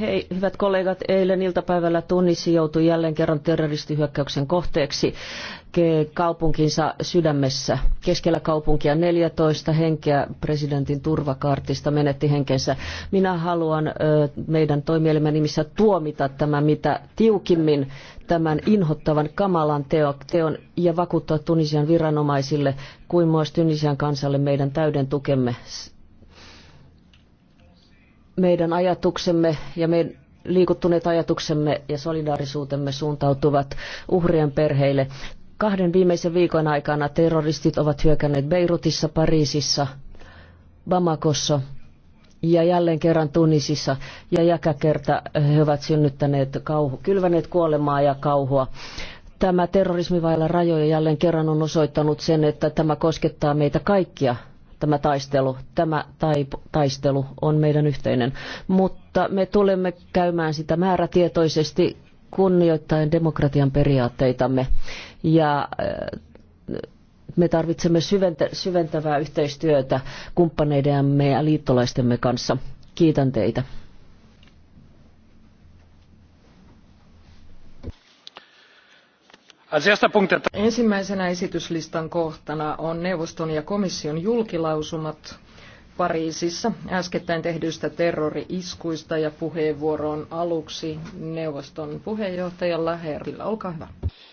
Hei, hyvät kollegat, eilen iltapäivällä Tunisi joutui jälleen kerran terroristihyökkäyksen kohteeksi kaupunkinsa sydämessä. Keskellä kaupunkia 14 henkeä presidentin turvakaartista menetti henkensä. Minä haluan meidän toimielimen nimissä tuomita tämä mitä tiukimmin tämän inhottavan kamalan teon ja vakuuttaa Tunisian viranomaisille kuin myös Tunisian kansalle meidän täyden tukemme meidän ajatuksemme ja meidän liikuttuneet ajatuksemme ja solidaarisuutemme suuntautuvat uhrien perheille. Kahden viimeisen viikon aikana terroristit ovat hyökänneet Beirutissa, Pariisissa, Bamakossa ja jälleen kerran Tunisissa ja jäkäkerta he ovat synnyttäneet kauhu, kylväneet kuolemaa ja kauhua. Tämä terrorismi vailla rajoja jälleen kerran on osoittanut sen, että tämä koskettaa meitä kaikkia tämä taistelu. Tämä taipu, taistelu on meidän yhteinen, mutta me tulemme käymään sitä määrätietoisesti kunnioittain demokratian periaatteitamme ja äh, me tarvitsemme syventävää yhteistyötä kumppaneidemme ja liittolaistemme kanssa. Kiitän teitä. Ensimmäisenä esityslistan kohtana on neuvoston ja komission julkilausumat Pariisissa äskettäin tehdyistä terrori-iskuista ja puheenvuoron aluksi neuvoston puheenjohtajalla Herrillä. Olkaa hyvä.